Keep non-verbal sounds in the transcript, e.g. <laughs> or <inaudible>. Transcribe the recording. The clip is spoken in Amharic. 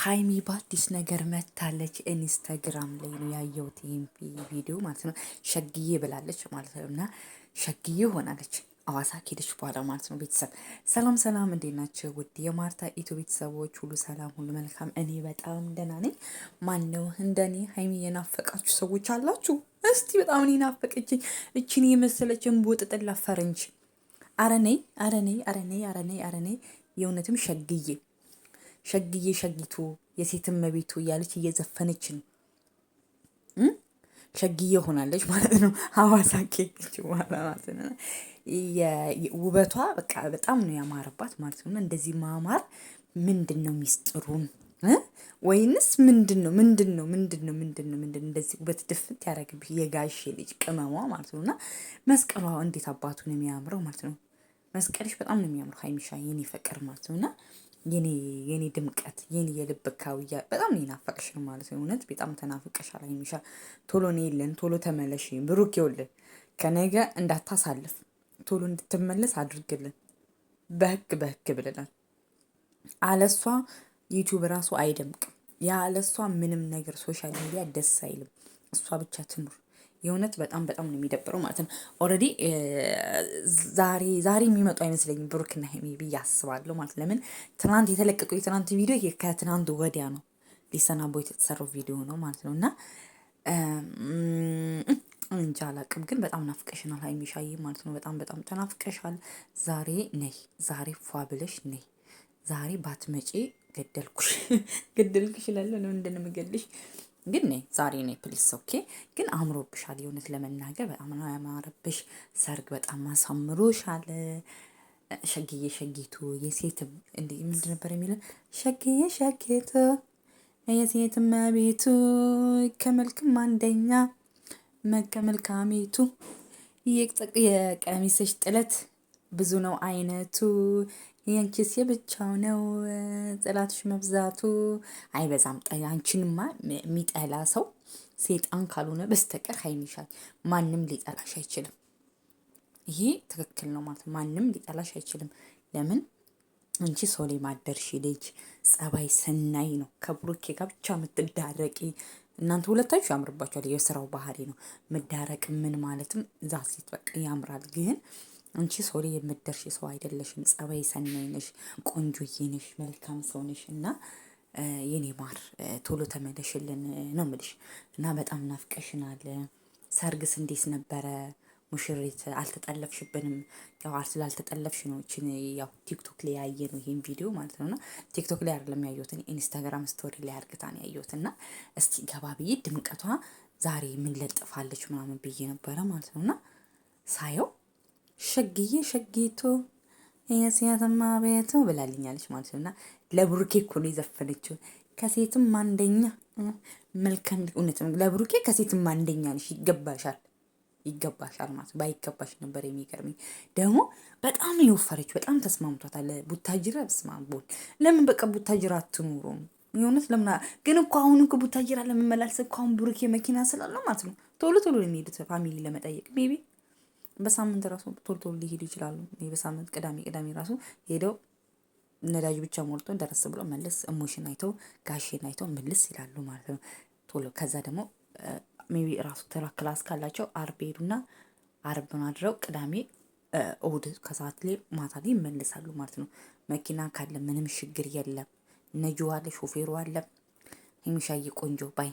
ሀይሚ በአዲስ ነገር መታለች። ኢንስታግራም ላይ ነው ያየሁት ቪዲዮ ማለት ነው። ሸግዬ ብላለች ማለት ነው እና ሸግዬ ሆናለች አዋሳ ሄደች በኋላ ማለት ነው። ቤተሰብ ሰላም ሰላም፣ እንዴት ናቸው? ውድ የማርታ ኢትዮ ቤተሰቦች ሁሉ ሰላም፣ ሁሉ መልካም። እኔ በጣም ደህና ነኝ። ነው እንደኔ ሀይሚ የናፈቃችሁ ሰዎች አላችሁ? እስቲ በጣም እኔ ናፈቀችኝ። እችን የመሰለችን እንቦጥጥላ ፈረንጅ አረኔ አረኔ አረኔ አረኔ አረኔ የእውነትም ሸግዬ ሸግዬ ሸጊቱ የሴት መቤቱ እያለች እየዘፈነች ነው። ሸግዬ ሆናለች ማለት ነው። ሀዋሳ ኬች ማለት ነው። ውበቷ በቃ በጣም ነው ያማረባት ማለት ነው። እንደዚህ ማማር ምንድን ነው ሚስጥሩን? ወይንስ ምንድን ነው ምንድን ነው ምንድን ነው ምንድን ነው ምንድን እንደዚህ ውበት ድፍት ያደረግብህ የጋሼ ልጅ ቅመሟ ማለት ነው። እና መስቀሏ እንዴት አባቱን የሚያምረው ማለት ነው። መስቀልሽ በጣም ነው የሚያምረው ሀይሚሻ የኔ ፍቅር ማለት ነው እና የኔ የኔ ድምቀት የኔ የልብ ካውያ በጣም ነው የናፈቅሽን ማለት ነው። እውነት በጣም ተናፍቀሻል ሀይሚሻ። ቶሎ ነው የለን ቶሎ ተመለሽ ብሩክ ይውልን ከነገ እንዳታሳልፍ ቶሎ እንድትመለስ አድርግልን። በህግ በህግ ብለናል። አለሷ ዩቲዩብ ራሱ አይደምቅም። ያለሷ ምንም ነገር ሶሻል ሚዲያ ደስ አይልም። እሷ ብቻ ትኑር። የእውነት በጣም በጣም ነው የሚደብረው ማለት ነው። ኦልሬዲ ዛሬ ዛሬ የሚመጡ አይመስለኝም ብሩክና ሄሜ ብዬ አስባለሁ ማለት ለምን ትናንት የተለቀቀው የትናንት ቪዲዮ ከትናንት ወዲያ ነው ሊሰናቦ የተሰራው ቪዲዮ ነው ማለት ነው እና እንጃ አላቅም ግን በጣም ናፍቀሽናል ሀይሚሻዬ ማለት ነው። በጣም በጣም ተናፍቀሻል። ዛሬ ነይ፣ ዛሬ ፏ ብለሽ ነይ። ዛሬ ባትመጪ ገደልኩሽ <laughs> ገደልኩሽ እላለሁ። ለምንድን ነው የምገልሽ? ግን ነይ ዛሬ ነይ ፕሊስ። ኦኬ። ግን አምሮብሻል፣ የእውነት ለመናገር በጣም ነው ያማረብሽ። ሰርግ በጣም አሳምሮሻል። ሸግዬ ሸጌቱ የሴትም እንዴ ምንድን ነበር የሚለው? ሸግዬ ሸጌቱ የሴትም መቤቱ ከመልክም አንደኛ መከመልካሜቱ መልካሚቱ የቀሚስሽ ጥለት ብዙ ነው አይነቱ፣ የንቺስ የብቻው ነው ጠላትሽ መብዛቱ። አይ በዛም አንቺንማ የሚጠላ ሰው ሴጣን ካልሆነ በስተቀር ሀይሚሻል ማንም ሊጠላሽ አይችልም። ይሄ ትክክል ነው ማለት ማንም ሊጠላሽ አይችልም። ለምን አንቺ ሰው ላይ ማደርሽ ልጅ ጸባይ ሰናይ ነው። ከብሩኬ ጋር ብቻ የምትዳረቂ እናንተ ሁለታችሁ ያምርባችኋል። የስራው ባህሪ ነው መዳረቅ ምን ማለትም ዛ ሴት በቃ ያምራል ግን አንቺ ሶሪ የምደርሽ ሰው አይደለሽም። ጸባይ ሰናይ ነሽ፣ ቆንጆዬ ነሽ፣ መልካም ሰው ነሽ እና የኔ ማር ቶሎ ተመለሽልን ነው ምልሽ እና በጣም ናፍቀሽናል። ሰርግስ እንዴት ነበረ? ሙሽሪት አልተጠለፍሽብንም? ያው ስላልተጠለፍሽ ነው እችን ያው ቲክቶክ ላይ ያየ ነው ይሄን ቪዲዮ ማለት ነውና፣ ቲክቶክ ላይ አይደለም ያየሁት ኢንስታግራም ስቶሪ ላይ አርግታ ነው ያየሁት። እና እስቲ ገባ ብዬ ድምቀቷ ዛሬ ምን ለጥፋለች ምናምን ብዬ ነበረ ማለት ነውና ሳየው ሸግዬ ሸጊቱ የሴትማ ቤቱ ብላልኛለች ማለት ነው። እና ለብሩኬ እኮ ነው የዘፈነችው። ከሴትም አንደኛ መልካም እውነት ነው። ለብሩኬ ከሴትም አንደኛ ነሽ፣ ይገባሻል፣ ይገባሻል ማለት ነው። ባይገባሽ ነበር የሚገርመኝ። ደግሞ በጣም የወፈረች የወፈረችው። በጣም ተስማምቷታል። ቡታጅራ ተስማምቦን ለምን በቃ ቡታጅራ አትኑሩም? የእውነት ለምን ግን እኮ አሁን እኮ ቡታጅራ ለመመላለስ እኮ አሁን ብሩኬ መኪና ስላለው ማለት ነው ቶሎ ቶሎ የሚሄዱት ፋሚሊ ለመጠየቅ ሜቢ በሳምንት ራሱ ቶሎ ቶሎ ሊሄዱ ይችላሉ። በሳምንት ቅዳሜ ቅዳሜ ራሱ ሄደው ነዳጅ ብቻ ሞልቶ ደረስ ብሎ መልስ እሞሽን አይተው ጋሼን አይተው መልስ ይላሉ ማለት ነው። ቶሎ ከዛ ደግሞ ሜይ ቢ ራሱ ተራ ክላስ ካላቸው አርብ ሄዱና አርብ ማድረው ቅዳሜ እሁድ ከሰዓት ላይ ማታ ላይ ይመልሳሉ ማለት ነው። መኪና ካለ ምንም ችግር የለም። ነጂው አለ፣ ሾፌሩ አለ። የሚሻይ ቆንጆ ባይ